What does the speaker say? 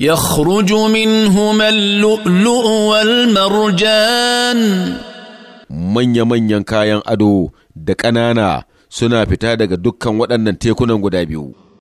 يخرج منهما اللؤلؤ marjan. manya-manyan kayan ado da ƙanana suna fita daga dukkan waɗannan tekunan guda biyu.